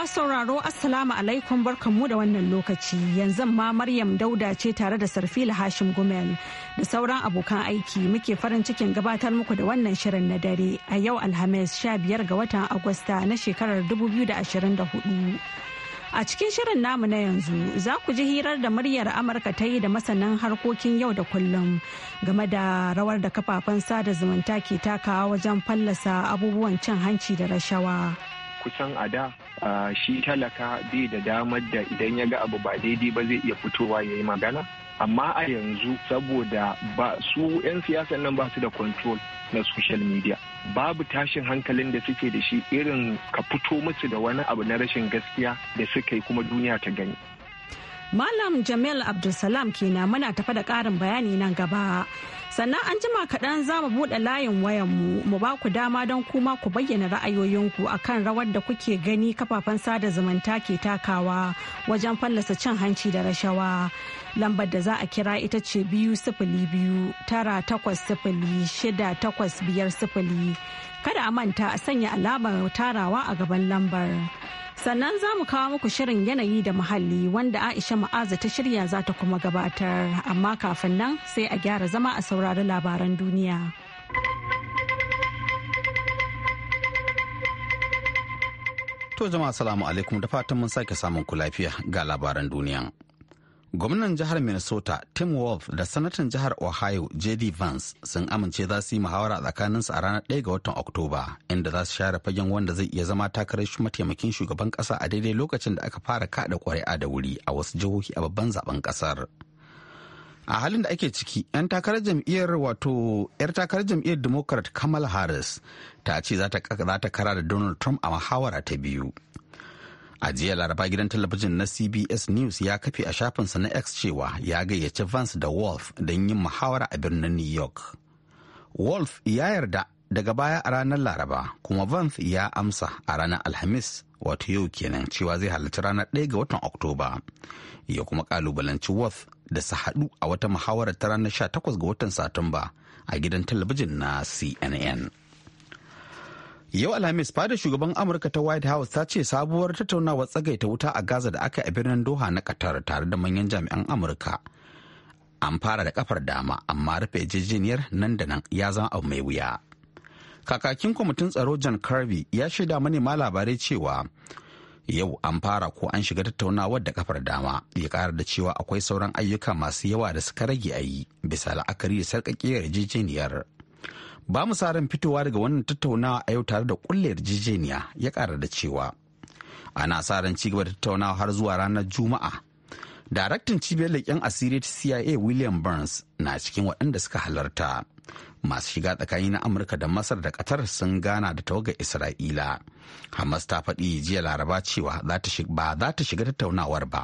Masu sauraro Assalamu alaikum barkanmu da wannan lokaci yanzu ma Maryam Dauda ce tare da Sarfila Hashim Gumel da sauran abokan aiki muke farin cikin gabatar muku da wannan shirin na dare a yau Alhamis 15 ga watan Agusta na shekarar 2024. A cikin shirin namu na yanzu za ku ji hirar da muryar Amurka ta yi da masanan harkokin yau da kullum game da rawar da kafafen sada zumunta ke takawa wajen fallasa abubuwan cin hanci da rashawa. Kusan a da shi talaka bai da damar da idan ya ga abu ba daidai ba zai iya fitowa ya yi magana amma a yanzu saboda ba su 'yan siyasan nan ba su da control na social media babu tashin hankalin da suke da shi irin ka fito musu da wani abu na rashin gaskiya da suka yi kuma duniya ta gani Malam Jamil Abdulsalam kenan muna tafa da ƙarin bayani nan gaba. Sannan an jima kaɗan za mu buɗe layin wayanmu mu ba ku dama don kuma ku bayyana ra'ayoyinku akan rawar da kuke gani kafafen sada zumunta ke takawa wajen fallasa cin hanci da rashawa. Lambar da za a kira ita ce biyu sifili biyu tara takwas sifili shida takwas biyar sifili. Kada a manta a sanya alamar tarawa a gaban lambar. sannan za mu kawo muku shirin yanayi da muhalli wanda aisha ma'aza ta shirya za ta kuma gabatar amma kafin nan sai a gyara zama a saurari labaran duniya to jama'a salamu alaikum da fatan mun sake samun ku lafiya ga labaran duniya gwamnan jihar minnesota tim wolf da sanatan jihar ohio j.d vance sun amince za su yi muhawara tsakaninsu a ranar 1 ga watan oktoba inda za su share fagen wanda zai iya zama takarar mataimakin shugaban kasa a daidai lokacin da aka fara kada ƙuri'a da wuri a wasu jihohi a babban zaben kasar a halin da ake ciki 'yan takarar jam'iyyar wato 'yar takarar jam'iyyar democrat kamala harris ta ce za ta kara da donald trump a muhawara ta biyu A jiya laraba gidan talabijin na CBS News ya kafe a shafinsa na X cewa ya gayyaci Vance da Wolf don yin muhawara a birnin New York. Wolf ya yarda daga baya a ranar Laraba kuma Vance ya amsa a ranar Alhamis wato yau kenan cewa zai halarci ranar 1 ga watan Oktoba. Ya kuma kalubalanci Wolf da su haɗu a wata muhawarar ta ranar 18 ga watan Satumba a gidan talabijin na CNN. Yau Alhamis fadar shugaban Amurka ta White House ta ce sabuwar tattaunawar tsagaita wuta a Gaza da aka a birnin Doha na Qatar tare da manyan jami'an Amurka. An fara da kafar dama amma rufe jijiniyar nan da nan ya zama abu mai wuya. Kakakin kwamitin tsaro John Kirby ya shaida manema labarai cewa yau an fara ko an shiga tattaunawar da kafar dama ya kara da cewa akwai sauran ayyuka masu yawa da suka rage a yi bisa la'akari da sarƙaƙiyar yarjejeniyar. ba mu sa ran fitowa daga wannan tattaunawa a yau tare da kulle yarjejeniya ya kara da cewa ana sa ran ci gaba da tattaunawa har zuwa ranar juma'a daraktan cibiyar leƙen asiri ta cia william burns na cikin waɗanda suka halarta masu shiga tsakani na amurka da masar da qatar sun gana da tawagar isra'ila hamas ta faɗi jiya laraba cewa ba za ta shiga tattaunawar ba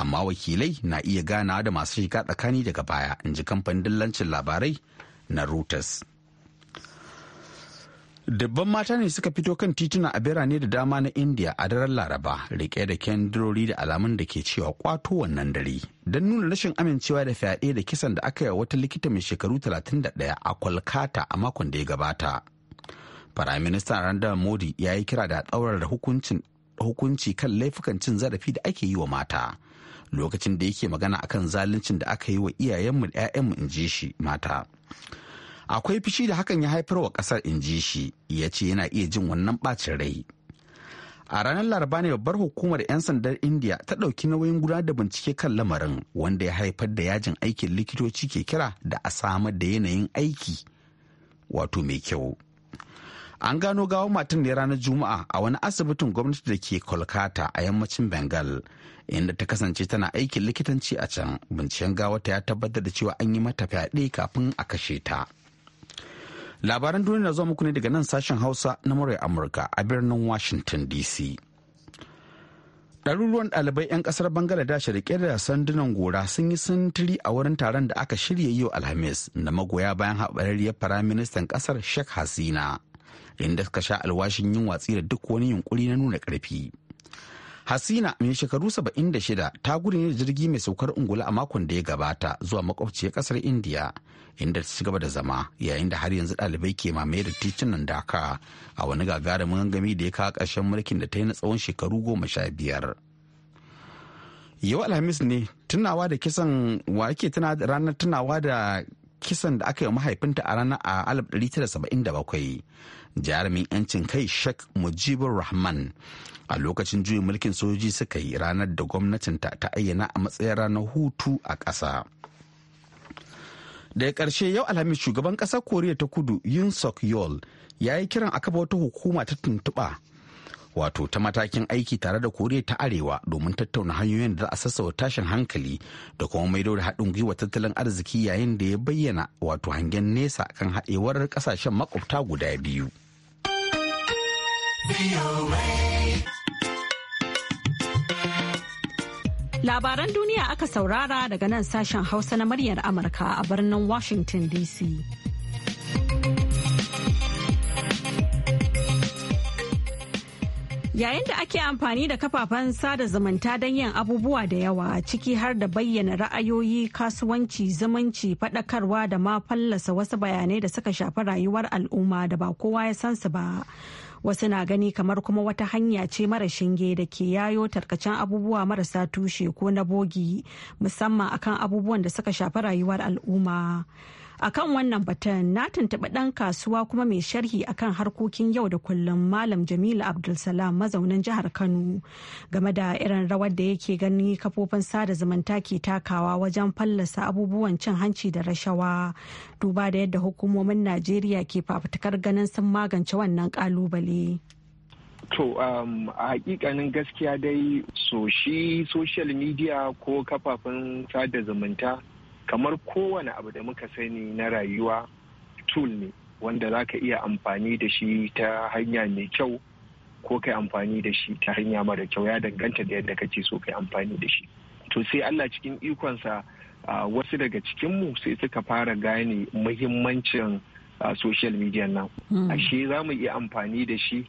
amma wakilai na iya ganawa da masu shiga tsakani daga baya in ji kamfanin dillancin labarai na reuters Dabban mata ne suka fito kan tituna a birane da dama na India a daren Laraba rike da kyandirori da alamun da ke cewa kwato wannan dare. Don nuna rashin amincewa da fyaɗe da kisan da aka yi wata likita mai shekaru 31 a Kolkata a makon da ya gabata. minister Narendra Modi ya yi kira da tsaurar da hukunci kan laifukan cin zarafi da ake yi wa mata. Lokacin da yake magana akan zaluncin da aka yi wa iyayenmu da 'ya'yanmu in ji shi mata. akwai fushi da hakan ya haifar wa kasar in ji shi ya ce yana iya jin wannan bacin rai a ranar laraba ne babbar hukumar 'yan sandar Indiya ta ɗauki nauyin gudanar da bincike kan lamarin wanda ya haifar da yajin aikin likitoci ke kira da a samar da yanayin aiki wato mai kyau an gano gawo matan ne ranar juma'a a wani asibitin gwamnati da ke kolkata a yammacin bengal inda ta kasance tana aikin likitanci a can binciken gawata ya tabbatar da cewa an yi mata fyaɗe kafin a kashe ta. labaran duniya zuwa muku ne daga nan sashen hausa na mura amurka a birnin washington dc ɗaruruwan ɗalibai 'yan ƙasar bangladesh rike da sandunan gora sun yi sintiri a wurin taron da aka shirya yau alhamis na magoya bayan haɓararriyar firaministan ƙasar sheikh hasina inda suka sha alwashin yin watsi da duk wani yunkuri na nuna ƙarfi hasina mai shekaru 76 ta gudu ne da jirgi mai saukar ungulu a makon da ya gabata zuwa makwabciyar ƙasar indiya inda ta ci gaba da zama yayin da har yanzu ɗalibai ke mamaye da titunan daka a wani gagarumin gangami da ya kawo ƙarshen mulkin da ta yi na tsawon shekaru goma sha biyar. Yau Alhamis ne tunawa da kisan wa ake ranar tunawa da kisan da aka yi mahaifinta a ranar a 1977 jarumin 'yancin kai sheikh mujibur rahman a lokacin juyin mulkin sojoji suka yi ranar da gwamnatinta ta ayyana a matsayin ranar hutu a ƙasa. daga ƙarshe yau alhamis shugaban ƙasar koriya ta kudu yun sok yol ya yi kiran a wata hukuma ta tuntuɓa wato ta matakin aiki tare da koriya ta arewa domin tattauna hanyoyin da za a sassawa tashin hankali da kuma maido da haɗin gwiwa tattalin arziki yayin da ya bayyana wato hangen nesa kan haɗewar ƙasashen makwabta guda biyu. Labaran duniya aka saurara daga nan sashen Hausa na muryar Amurka a birnin Washington DC. Yayin da ake amfani da kafafen sada zumunta don yin abubuwa da yawa ciki har da bayyana ra'ayoyi, kasuwanci, zumunci, faɗakarwa da ma fallasa wasu bayanai da suka shafi rayuwar al'umma da ba kowa ya san su ba. wasu na gani kamar kuma wata hanya ce mara shinge da ke yayo tarkacen abubuwa marasa tushe ko na bogi musamman akan abubuwan da suka shafi rayuwar al'umma akan wannan batun na tuntuɓi ɗan kasuwa kuma mai sharhi akan harkokin yau da kullum malam jamilu abdulsalam mazaunin jihar kano game da irin rawar da yake gani kafofin sada zumunta ke takawa wajen fallasa abubuwan cin hanci da rashawa duba da yadda hukumomin najeriya ke fafutukar ganin sun magance wannan kalubale. To um, a hakikanin gaskiya dai so shi social media ko kafafen sada zumunta kamar kowane abu da muka sani na rayuwa tool ne wanda za ka iya amfani da shi ta hanya mai kyau ko kai amfani da shi ta hanya mara kyau ya danganta da yadda kake so kai amfani da shi to sai Allah cikin ikonsa wasu daga cikinmu sai suka fara gane muhimmancin social media nan hmm. ashe za mu iya amfani da shi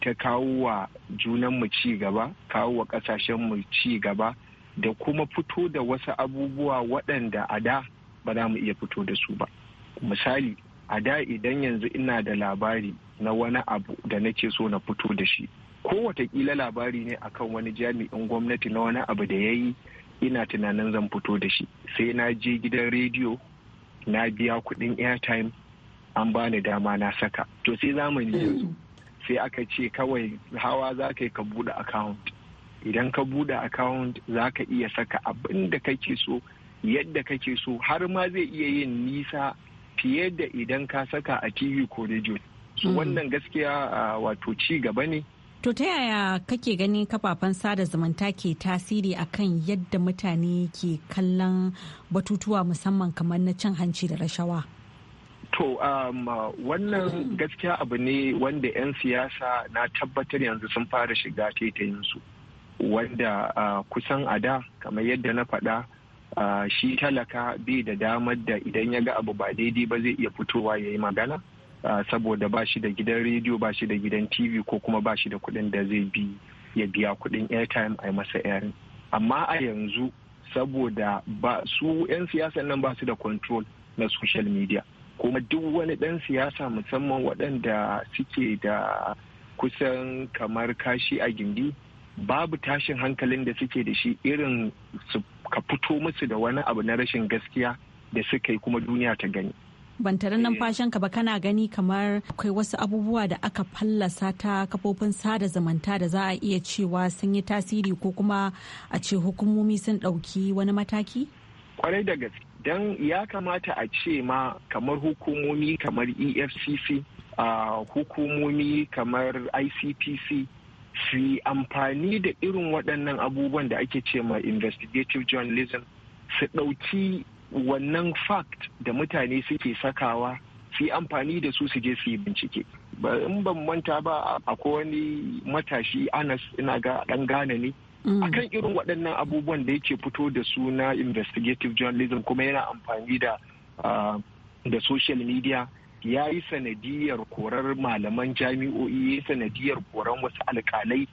ta kawo wa junanmu ci gaba kawo wa kasashenmu ci gaba da kuma fito da wasu abubuwa waɗanda a da ba za mu iya fito da su ba misali a da idan yanzu ina da labari na wani abu da nake so na fito da shi ko watakila labari ne akan wani jami'in gwamnati na wani abu da ya yi ina tunanin zan fito da shi sai na je gidan rediyo na biya kuɗin airtime an bani dama na saka to sai zamani yanzu mm. sai aka ce kawai hawa za ka yi ka buɗe account idan ka buɗe account za ka iya saka abin da kake so yadda kake so har ma zai iya yin nisa fiye da idan ka saka a tv ko radio so hmm. wannan gaskiya wato ci gaba ne to ta yaya kake ganin kafafen sada zumunta ke tasiri akan yadda mutane ke kallon batutuwa musamman kamar na cin hanci da rashawa To um, wannan gaskiya abu ne wanda 'yan siyasa na tabbatar yanzu sun fara shiga taitayinsu. wanda kusan a da kamar yadda na faɗa shi talaka bai da damar da idan ya ga abu ba daidai ba zai iya fitowa ya yi magana saboda ba shi da gidan rediyo ba shi da gidan tv ko kuma ba shi da kuɗin da zai bi ya biya kuɗin airtime a yi masa airin amma a yanzu saboda ba su 'yan siyasan nan ba su da control na social media kuma duk wani ɗan siyasa musamman waɗanda suke da kusan kamar kashi a gindi babu tashin hankalin da suke da shi irin su ka fito musu da wani abu na rashin gaskiya da suka yi kuma duniya ta gani. Ban tare eh. numfashin ka ba kana gani kamar akwai wasu abubuwa da aka fallasa ta kafofin sada zamanta da za a iya cewa sun yi tasiri ko kuma a ce hukumomi sun ɗauki wani mataki? Kwarai da gaske. Don ya kamata a ce ma kamar hukumomi kamar EFCC, uh, hukumomi kamar ICPC, su yi amfani da irin waɗannan abubuwan da ake ce ma investigative journalism su ɗauki wannan fact da mutane suke sakawa su yi amfani da su su je su yi bincike in ban manta ba akwai wani matashi anas ina ga ɗan gane ne mm. akan irin waɗannan abubuwan da yake fito da su na investigative journalism kuma yana amfani da ah, da social media ya yi sanadiyar korar malaman jami'o'i ya yi sanadiyar koran wasu alkalai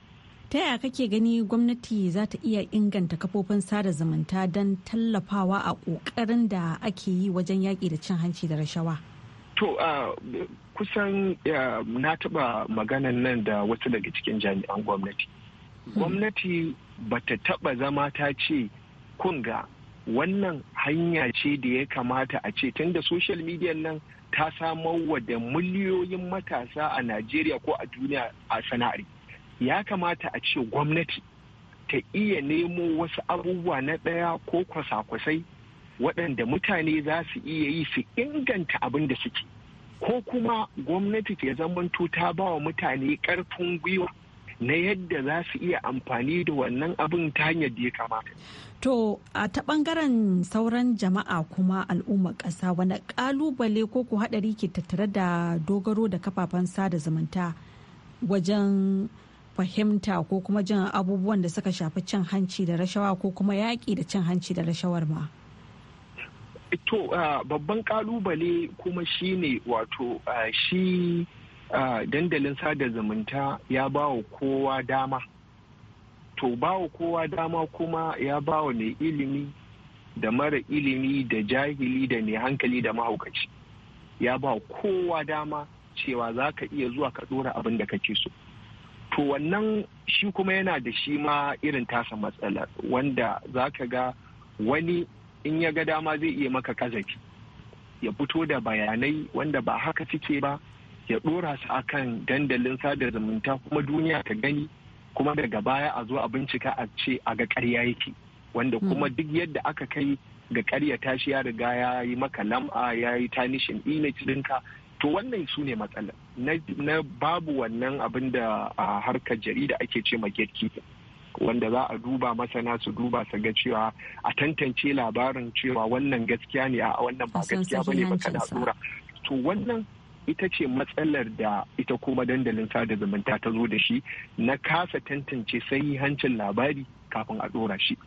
ta yaya kake gani gwamnati za ta iya inganta kafofin sada zumunta don tallafawa a ƙoƙarin da ake yi wajen yaƙi da cin hanci da rashawa to kusan na taɓa maganan nan da wasu daga cikin jami'an gwamnati hmm. gwamnati ba ta taɓa zama ta ce kunga wannan hanya ce da ya kamata a ce tun da social media nan ta samar wa da miliyoyin matasa a najeriya ko a duniya a sana'ar ya kamata a ce gwamnati ta iya nemo wasu abubuwa na ɗaya ko kwasa-kwasai waɗanda mutane za su iya yi su inganta abin da suke ko kuma gwamnati ke zamanto ta ba wa mutane ƙarfin gwiwa na yadda za su iya amfani da wannan abin ta hanyar da ya kamata. To a ta bangaren sauran jama'a kuma al'ummar ƙasa wani ƙalubale ko ku haɗari ke tattare da dogaro da kafafen sada zumunta wajen fahimta ko kuma jin abubuwan da suka shafi cin hanci da rashawa ko kuma yaƙi da cin hanci da rashawar ma. To babban kalubale kuma shine wato shi dandalin sada zumunta ya ba wa kowa dama to ba wa kowa dama kuma ya ba wa mai ilimi da mara ilimi da jahili da mai hankali da mahaukaci ya ba kowa dama cewa za ka iya zuwa ka dora abin da kake so to wannan shi kuma yana da shi ma irin tasa matsalar wanda za ka ga wani in ya ga dama zai iya maka kazafi ya fito da bayanai wanda ba haka suke ba ya ɗora su kan dandalin sada zumunta kuma duniya ta gani kuma daga baya a zo a bincika a ce a ga ƙarya yake wanda hmm. kuma duk yadda aka kai ga karya ta shi ya riga ya yi maka lam'a ya yi tanishin image ɗinka to wannan su ne matsala na babu wannan abin da a harkar jarida ake ce ma gatekeeper wanda za a duba masana su duba su ga cewa a tantance labarin cewa wannan gaskiya ne a wannan ba gaskiya bane ba kana tsura to wannan ita ce matsalar da ita kuma dandalin sada zumunta ta zo da shi na kasa tantance hancin labari kafin a dora shi.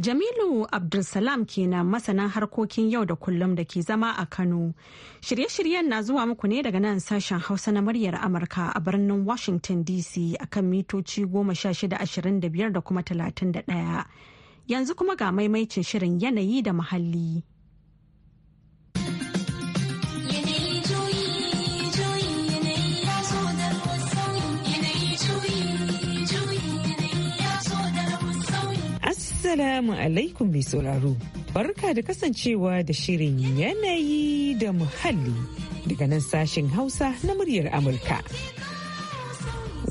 Jamilu Abdulsalam kenan masanan harkokin yau da kullum da ke zama a Kano. Shirye-shiryen na zuwa muku ne daga nan sashen Hausa na muryar Amurka a birnin Washington DC akan mitoci 1625 da kuma 31. Yanzu kuma ga maimaicin shirin yanayi da muhalli. Assalamu alaikum mai sauraro. Barka da kasancewa da shirin yanayi da muhalli daga nan sashen Hausa na muryar Amurka.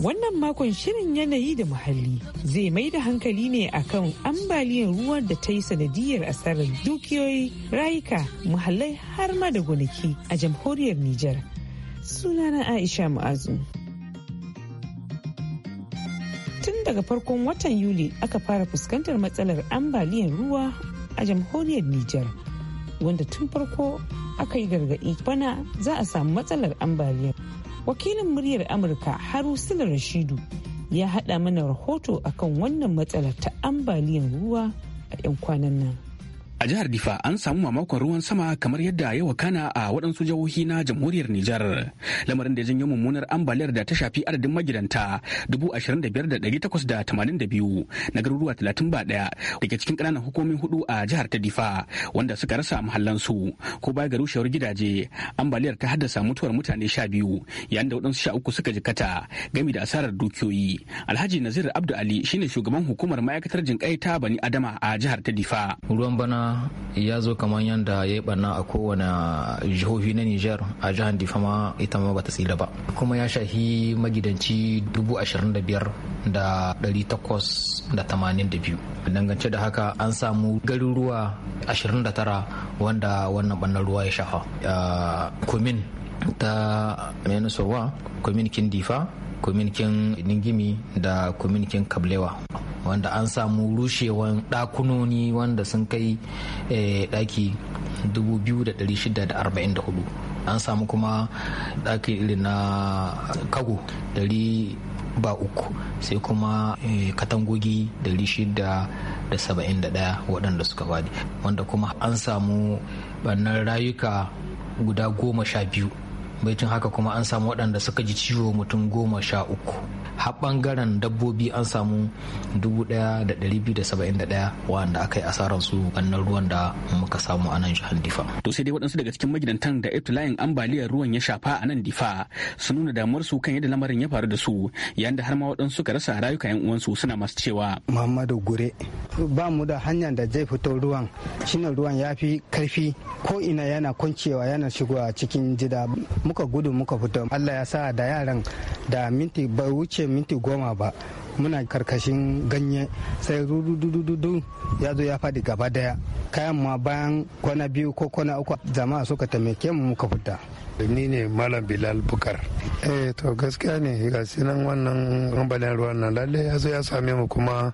Wannan makon shirin yanayi da muhalli zai mai da hankali ne akan ambaliyar ruwan da ta yi sanadiyar asarar dukiyoyi, rayuka, muhallai har ma da gonaki a jamhuriyar Nijar. Sunana Aisha Mu'azu. daga farkon watan Yuli aka fara fuskantar matsalar ambaliyar ruwa a jamhuriyar Nijar. Wanda tun farko aka yi gargaɗi bana za a samu matsalar ambaliyar. Wakilin muryar Amurka Haru Rashidu ya haɗa mana rahoto akan wannan matsalar ta ambaliyar ruwa a 'yan kwanan nan. A jihar Difa an samu mamakon ruwan sama kamar yadda ya wakana a waɗansu jihohi na jamhuriyar Nijar. Lamarin da ya janyo mummunar ambaliyar da ta shafi adadin magidanta biyu na garuruwa talatin ba ɗaya daga cikin ƙananan hukumomin hudu a jihar ta Difa wanda suka rasa mahallansu ko baya ga rushewar gidaje ambaliyar ta haddasa mutuwar mutane sha biyu yayin da waɗansu sha uku suka jikata gami da asarar dukiyoyi. Alhaji Nazir Abdu Ali shine shugaban hukumar ma'aikatar jinƙai ta Bani Adama a jihar ta Difa. Ruwan bana ya zo kamar yadda ya yi barna a kowane jihohi na niger a jihar difama ita ma bata tsira ba kuma ya shahi magidanci 25,000 da dangance da haka an samu garuruwa 29 wanda wannan barnar ruwa ya shafa ah, komin ta menusowa komin kindifa kuminikin ningimi da kuminikin kablewa wanda an samu rushewan ɗakunoni wanda sun kai eh, ɗaki 2644 an samu kuma ɗaki irin na kago ba uku sai kuma eh, katangogi 671 waɗanda suka faɗi wanda kuma an samu ɓannan rayuka guda goma sha biyu baicin haka kuma an samu waɗanda suka ji ciwo mutum goma sha uku haɓangaren dabbobi an samu 1,271 wanda aka yi asarar su wannan ruwan da muka samu a nan jihar difa to sai dai waɗansu daga cikin magidantan da ibtilayin ambaliyar ruwan ya shafa a nan difa sun nuna damuwar su kan yadda lamarin ya faru da su yayin da har ma waɗansu suka rasa rayuka yan uwansu suna masu cewa muhammadu gure ba mu da hanyar da zai fito ruwan shine ruwan ya fi karfi ko ina yana kwancewa yana shigowa cikin jida muka gudu muka fito allah ya sa da yaran da minti ba wuce minti goma ba muna karkashin ganye sai rududududu ya zo ya faɗi gaba daya kayan ma bayan kwana biyu ko kwana uku jama'a suka taimake mu muka fita ni ne malam bilal bukar eh to gaskiya ne ga nan wannan ambaliyar ruwan nan lalle ya zo ya same mu kuma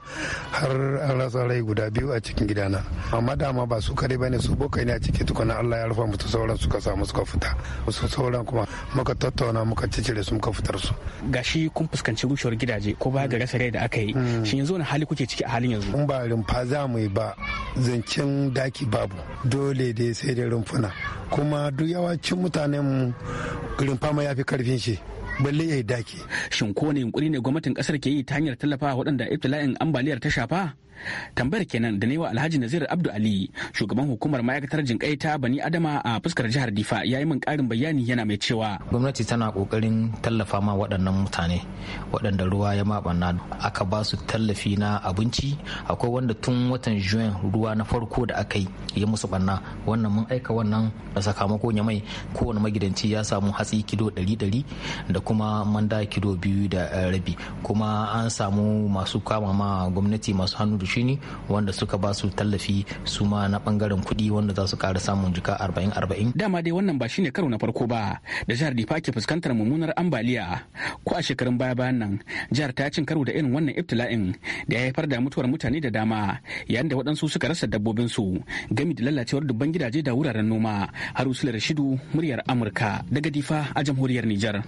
har an rasa rai guda biyu a cikin gidana amma dama ba su kare bane su bokai ne a cikin tukuna Allah ya rufa musu sauran suka samu suka fita su sauran kuma muka tattauna muka cicire su muka fitar su gashi kun fuskanci rushewar gidaje ko ba ga rai da aka yi hmm. shi yanzu wani hali kuke ciki a halin yanzu in ba rumfa za mu yi ba zancen daki babu dole da ya sai da rumfuna kuma duk yawancin mutanen rumfa ma ya fi karfin shi balle ya yi daki shin ne yunkuri ne gwamnatin kasar ke yi ta hanyar tallafa waɗanda ibtila'in ambaliyar ta shafa tambayar kenan da naiwa alhaji nazir abdu ali shugaban hukumar ma'aikatar jinkai ta bani adama a fuskar jihar difa ya yi min karin bayani yana mai cewa gwamnati tana kokarin tallafa ma waɗannan mutane waɗanda ruwa ya maɓanna aka ba su tallafi na abinci akwai wanda tun watan juin ruwa na farko da aka yi ya musu ɓanna wannan mun aika wannan da sakamako ya mai kowane magidanci ya samu hatsi kilo ɗari ɗari da kuma manda kilo biyu da rabi kuma an samu masu kama ma gwamnati masu hannu ne wanda suka ba su tallafi su ma na bangaren kuɗi wanda za su ƙara samun jika 40-40. Dama dai wannan ba shine karo na farko ba da jihar Difa ke fuskantar mummunar ambaliya ko a shekarun baya bayan nan jihar ta cin karo da irin wannan ibtila'in da ya haifar da mutuwar mutane da dama yayin da waɗansu suka rasa su gami da lalacewar dubban gidaje da wuraren noma har usular shidu muryar Amurka daga Difa a jamhuriyar Nijar.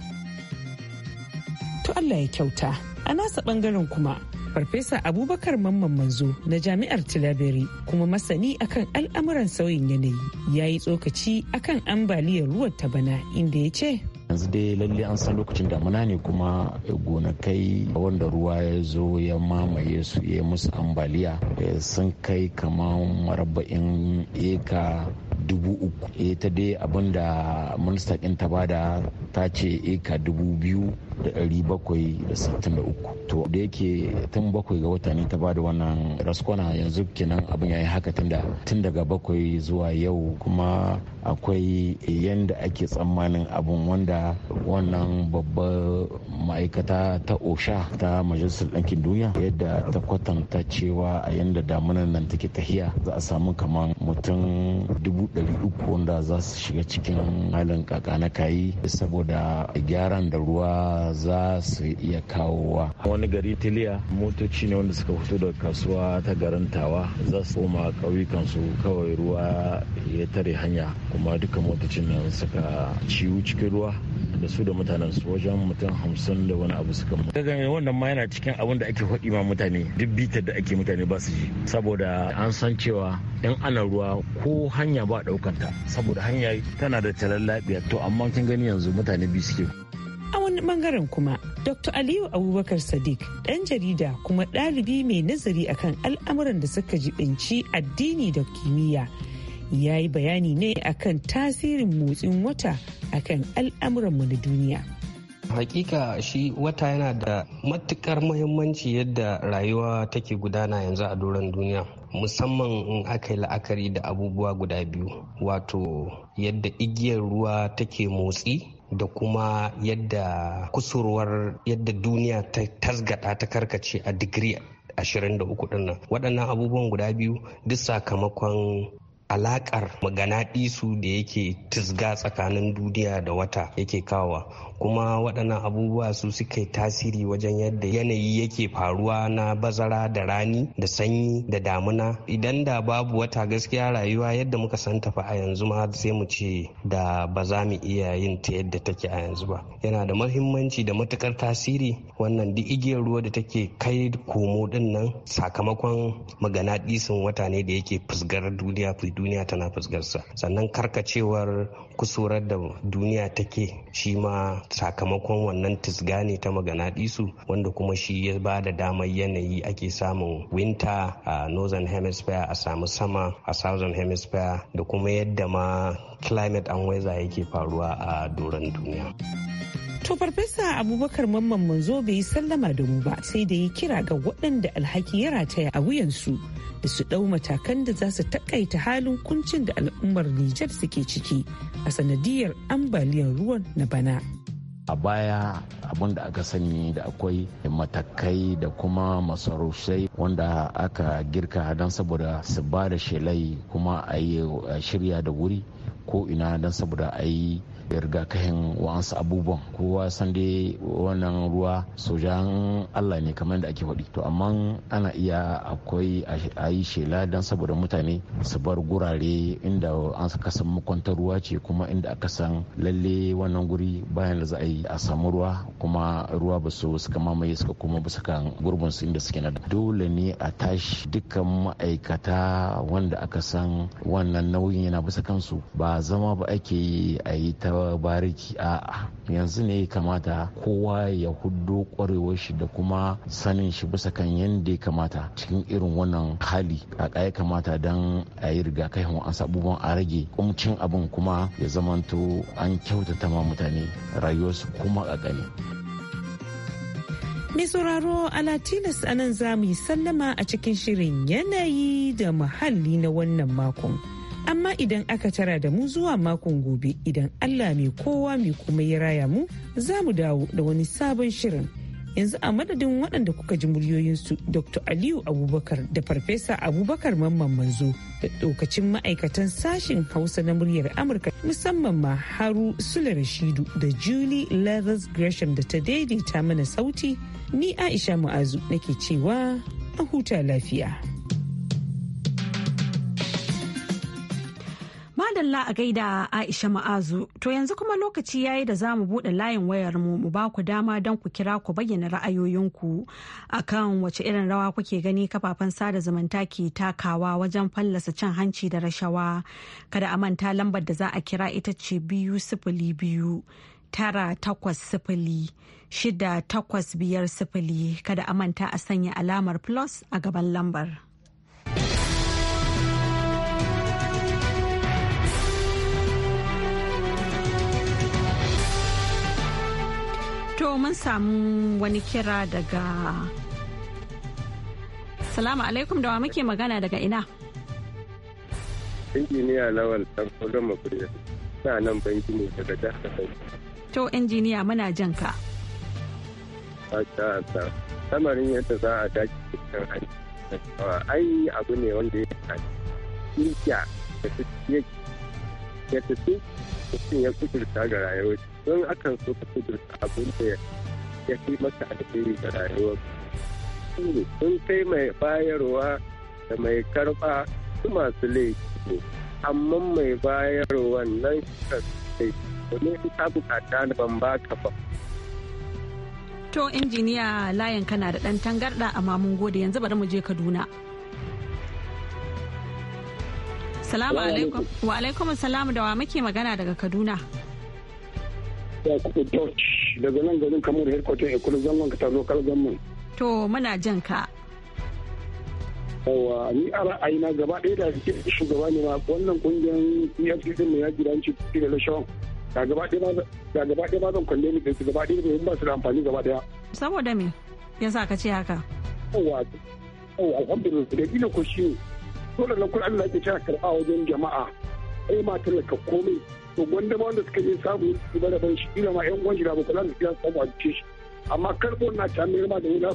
To Allah ya kyauta a nasa bangaren kuma Farfesa Abubakar Mamman Manzo na Jami'ar Tilaberi kuma masani akan al'amuran sauyin yanayi ya yi tsokaci akan ambaliyar ruwan ta bana inda ya ce yanzu dai lalle an san lokacin damuna ne kuma gonakai wanda ruwa ya zo ya mamaye su ya musu ambaliya eh, sun kai kamar maraba'in eka dubu uku eh, ta dai abinda minista ɗin ta bada ta ce eka dubu biyu da dari bakwai da sittin da uku to da yake tun bakwai ga wata ne ta bada wannan raskwana yanzu kenan abin ya yi haka tun daga bakwai zuwa yau kuma akwai yadda ake tsammanin abin wanda wannan babbar ma'aikata ta osha ta majalisar ɗankin duniya yadda ta kwatanta cewa a yadda damunan nan take tahiya za a samu kamar mutum dubu dari uku wanda za su shiga cikin halin kaka na kayi saboda gyaran da ruwa za su iya kawowa wani gari tiliya motoci ne wanda suka fito daga kasuwa ta garin tawa za su koma su kawai ruwa ya tare hanya kuma duka motocin nan suka ciwu cikin ruwa da su da mutanen su wajen mutum hamsin da wani abu suka mutu. Daga wannan ma yana cikin abin da ake faɗi ma mutane duk bitar da ake mutane ba su ji saboda an san cewa in ana ruwa ko hanya ba ɗaukanta saboda hanya tana da lafiya to amma kin gani yanzu mutane biyu suke. a wani bangaren kuma dr aliyu abubakar sadiq dan jarida kuma ɗalibi mai nazari akan al'amuran da suka jibinci addini da kimiyya ya yi bayani ne akan tasirin motsin wata akan al'amuranmu na duniya hakika shi wata yana da matukar muhimmanci yadda rayuwa take gudana yanzu a doron duniya musamman in aka yi la'akari da abubuwa guda biyu wato yadda igiyar ruwa take motsi da kuma yadda kusurwar yadda duniya ta tasgada ta karkace a digiri 23 nan waɗannan abubuwan guda biyu duk sakamakon alakar maganaɗisu da yake tisga tsakanin duniya da wata yake kawa kuma waɗannan abubuwa su suke tasiri wajen yadda yanayi yake faruwa na bazara da rani da sanyi da damuna idan da babu wata gaskiya rayuwa yadda muka san tafi a yanzu ma sai mu ce da ba za mu iya yin ta yadda take a yanzu ba yana da mahimmanci da matukar tasiri wannan duk igiyar ruwa da take kai komo din sakamakon maganaɗisin wata ne da yake fusgar duniya fi duniya duniya tana fuskarsa sannan karkacewar kusurar da duniya take shi ma sakamakon wannan tisga ne ta magana maganaɗisu wanda kuma shi ya ba da damar yanayi ake samun winter a northern hemisphere a samu sama a southern hemisphere da kuma yadda ma climate and weather yake faruwa a doron duniya. To farfesa Abubakar Mamman Manzo bai yi sallama da mu ba sai da yi kira ga waɗanda alhaki ya rataya a wuyansu da su ɗau matakan da za su takaita halin kuncin da al'ummar Nijar suke ciki a sanadiyar ambaliyar ruwan na bana. a baya abin da aka sani da akwai matakai da kuma masarufai wanda aka girka don saboda su ba da shelai kuma a yi shirya da wuri ko ina don saboda a yi rigakafin wa'ansu abubuwan kowa san dai wannan ruwa sojan allah ne kamar da ake faɗi to amma ana iya akwai a yi shela don saboda mutane su bar gurare inda an saka san makwantar ruwa ce kuma inda aka san lalle wannan guri bayan da za a yi a samu ruwa kuma ruwa ba su suka mamaye suka kuma ba suka gurbin su inda suke na dole ne a tashi dukkan ma'aikata wanda aka san wannan nauyin yana bisa kansu ba zama ba ake yi a yi ta na bariki a yanzu ne ya kamata kowa ya hudu kwarewar shi da kuma sanin shi bisa kan yadda ya kamata cikin irin wannan hali a ya kamata don a yi rigakafin an sabubban a rage kumcin abin kuma ya zamanto an kyautata ma mutane rayuwarsu kuma a gani Mai sauraro alatinas a anan za mu yi sallama a cikin shirin yanayi da muhalli na wannan makon. amma idan aka tara da mu zuwa makon gobe idan allah mai kowa mai kuma ya raya mu za mu dawo da wani sabon shirin yanzu a madadin waɗanda kuka ji muryoyinsu dr aliyu abubakar da farfesa abubakar mamman manzo da ɗaukacin ma'aikatan sashen hausa na muryar amurka musamman ma haru sula rashidu da julie leathers gresham da ta daidaita mana sauti ni aisha mu'azu nake cewa a huta lafiya. madalla a gaida Aisha Ma'azu, to yanzu kuma lokaci yayi da za mu buɗe layin wayar mu mu ba ku dama don ku kira ku bayyana ra'ayoyinku akan wace irin rawa kuke gani kafafen sada zumunta ke takawa wajen fallasa cin hanci da rashawa. Kada a manta lambar da za a kira ita ce biyu sifili biyu tara takwas sifili shida takwas biyar sifili kada a manta a sanya alamar plus a gaban lambar. To mun samu wani kira daga Salamu alaikum da wa muke magana daga ina. Injiniya Lawal ɗan Kolon Makuriya, ta nan banki ne daga jihar To injiniya muna jan ka. Masha Allah, yadda za a dace cikin hanyar Ai abu ne wanda ya kaci. Kirkiya da su yake, su ya kusurta ga rayuwar don akan so ka kudurta abin da ya fi maka alheri da rayuwar sun kai mai bayarwa da mai karba su masu laifi amma mai bayarwa nan suka kai su ta bukata na ban baka ba to injiniya layin kana da dan tangarda amma mun gode yanzu bari mu je kaduna salamu alaikum wa alaikum salamu da wa muke magana daga kaduna Yakubu Dutch daga nan garin kamar headquarter Ekuru zan wanka taro kar gamman. To muna jan ka. Yawa ni a ra'ayina gaba ɗaya da ke shugaba ne ma wannan kungiyar PFC mai yaji da hanci da rashawan. Da gaba ɗaya ma zan kwalle ni da su gaba ɗaya ba su da amfani gaba ɗaya. Saboda me ya sa ka ce haka? Yawa alhamdulillah da ina ko shi dole na Allah da ake cewa karɓa wajen jama'a. ai ma talaka komai to gwanda ma wanda suka je samu su bada ban shi kila ma yan uwan shi da abokan su kira samu a shi amma karbo na ta mai ma da wani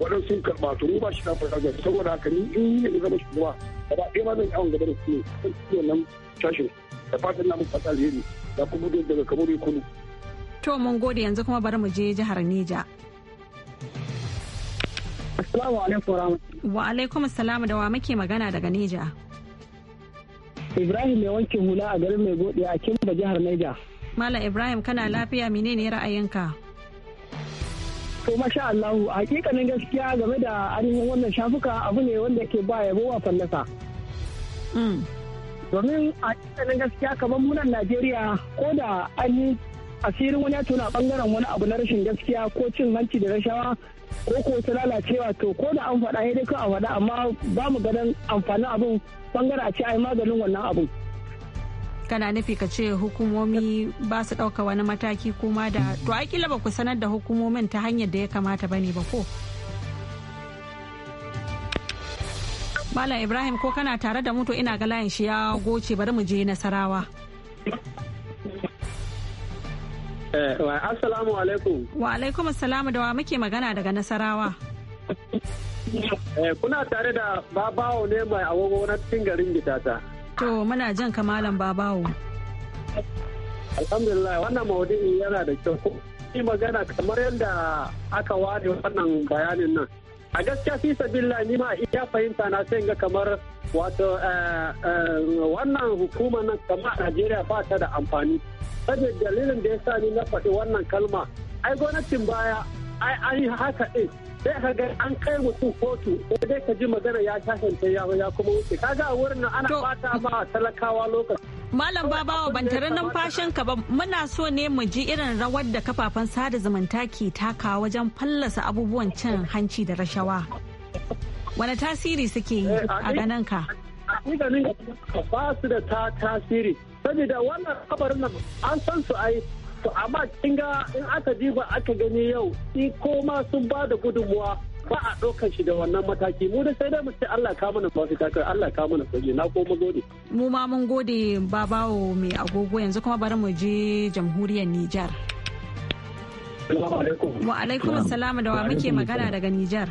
waɗansu sun karɓa to ruba ba shi na farka saboda haka ni in yi ne zama shugaba ba ai ma zan yi awon gaba da su ne kan su nan tashin da fatan na muku fata alheri da kuma gudu daga kamar kunu. to mun gode yanzu kuma bari mu je jihar Neja. Assalamu alaikum wa Wa alaikum assalamu da wa muke magana daga Neja. Ibrahim mai wankin hula a garin mai gode a Kimba jihar Niger. Malam Ibrahim kana lafiya menene ra'ayinka? To masha Allahu hakikanin gaskiya game da ainihin wannan shafuka abu ne wanda ke ba yabo wa fallasa. Mm. Domin a hakikanin gaskiya kamar munan Najeriya ko da an yi asirin wani ya tona bangaren wani abu na rashin gaskiya ko cin hanci da rashawa ko ko ta lalacewa to ko da an faɗa dai kawai a faɗa amma ba mu ganin amfanin abin bangare a ce ai maganin wannan abin. kana nufi ka ce hukumomi ba su ɗauka wani mataki kuma da to akila ba ku sanar da hukumomin ta hanyar da ya kamata ba ne ba ko Malam Ibrahim ko kana tare da mutu ina ga layin shi ya goce bari mu je Nasarawa. Eh, assalamu alaikum. Wa alaikum assalamu da wa muke magana daga Nasarawa. Eh, kuna tare da babawo ne mai agogo na cikin garin gitata. To muna jan kamalan babawo. Alhamdulillah wannan maudu'i yana da kyau. Yi magana kamar yadda aka ware wannan bayanin nan. a gaskiya fi sabilla ni ma iya fahimta na sai ga kamar wato eh, eh, wannan hukumar nan kama a Najeriya ba ta da amfani saboda dalilin da ya sa ni na faɗi wannan kalma ai gwamnatin baya ai an yi haka ɗin sai ka ga an kai mutum kotu sai dai ka ji magana ya shashanta ya kuma wuce kaga a wurin nan ana bata ba talakawa lokaci Malam Babawa ban tare numfashin ka ba muna so ne mu ji irin rawar da kafafen sada zumunta ke takawa wajen fallasa abubuwan cin hanci da rashawa. Wane tasiri suke yi eh, a ganin ka? ba su da ta tasiri. Saboda wannan kabarin nan an san su ai amma kinga in aka diba aka gani yau in koma sun ba da gudunmuwa ba a ɗaukan shi da wannan mataki mu da sai dai mu ce Allah ka mana mafita takar Allah ka mana sauki na ko mu gode mu ma mun gode babawo mai agogo yanzu kuma bari mu je jamhuriyar Nijar Wa alaikum salam da wa muke magana daga Nijar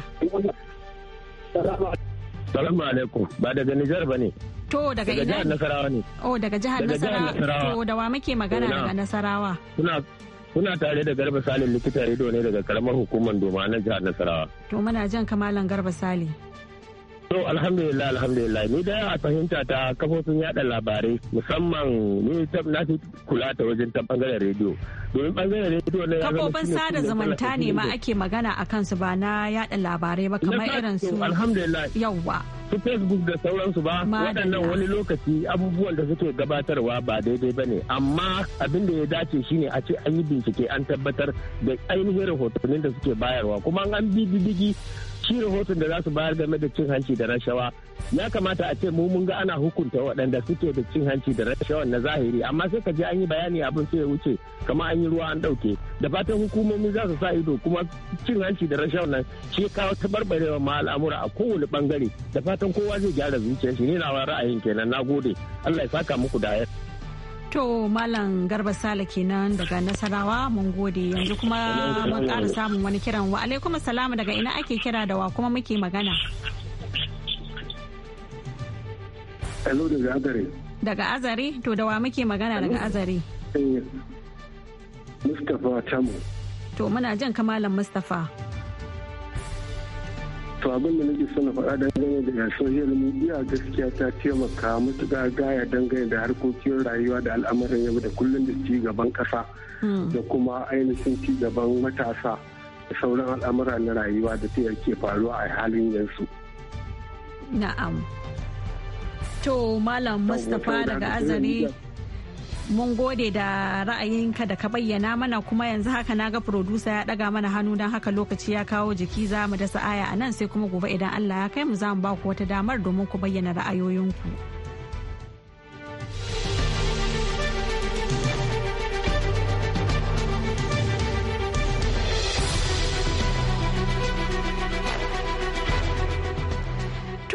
Salamu alaikum ba daga Nijar ba ne To daga Daga jihar Nasarawa ne. Oh daga jihar Nasarawa. To da wa muke magana daga Nasarawa? Kuna Kuna tare da Garba Salim likita rido ne daga karamar hukumar Doma na jihar Nasarawa. To muna jan kamalan Garba Salim. To alhamdulillah alhamdulillah ni da a fahimta ta kafofin yada labarai musamman ni na fi kula ta wajen ta bangaren rediyo. Domin bangaren rediyo ne kafofin sada zumunta ne ma ake magana a kansu ba na yada labarai ba kamar irin su yawwa. su facebook da sauransu ba waɗannan wani lokaci abubuwan da suke gabatarwa ba daidai ba ne amma abin da ya dace shine a ce an yi bincike an tabbatar da ainihin rahotannin da suke bayarwa kuma an bi diddigi shi rahoton da za su bayar game da cin hanci da rashawa ya kamata a ce mu mun ga ana hukunta waɗanda suke da cin hanci da rashawa na zahiri amma sai ka je an yi bayani abin sai ya wuce kamar an yi ruwa an ɗauke da fatan hukumomi za su sa ido kuma cin hanci da rashawa nan shi kawo barbarewa ma al'amura a kowane bangare da fatan kowa zai gyara zuciyar shi ne na ra'ayin kenan na gode Allah ya saka muku da To Malam Garba Sale kenan daga Nasarawa mun gode yanzu kuma mun ƙara samun wani kiran wa alaikum salamu daga ina ake kira da wa kuma muke magana. Hello daga Azare. Daga Azare to da wa muke magana daga Azare. Eh, Mustapha Tamu. To muna jan kamalan Mustapha. to abin da nake son na faɗa dangane da social media gaskiya ta taimaka matuƙa gaya dangane da harkokin rayuwa da al'amarin yau da kullum da ci gaban ƙasa hmm. da kuma ainihin ci gaban matasa da sauran al'amura na rayuwa da ta yake faruwa a halin yanzu. Na'am. To Malam Mustapha daga Azare. mun gode da ra'ayinka da ka bayyana mana kuma yanzu haka na ga producer ya daga mana hannu don haka lokaci ya kawo jiki za mu dasa aya a nan sai kuma gobe idan Allah ya kai mu za mu ba ku wata damar domin ku bayyana ra'ayoyinku.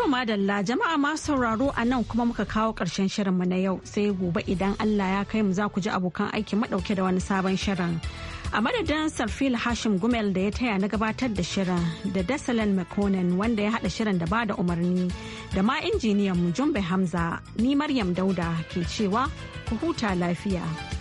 To madalla jama'a ma sauraro a nan kuma muka kawo ƙarshen shirinmu na yau sai gobe idan Allah ya kai mu za ku ji abokan aiki maɗauke da wani sabon shirin. A madadin Sarfil Hashim Gumel da ya taya na gabatar da shirin da Dasalan McConan wanda ya haɗa shirin da bada umarni da ma injiniyan mu Jumbe Hamza ni Maryam Dauda ke cewa ku huta lafiya.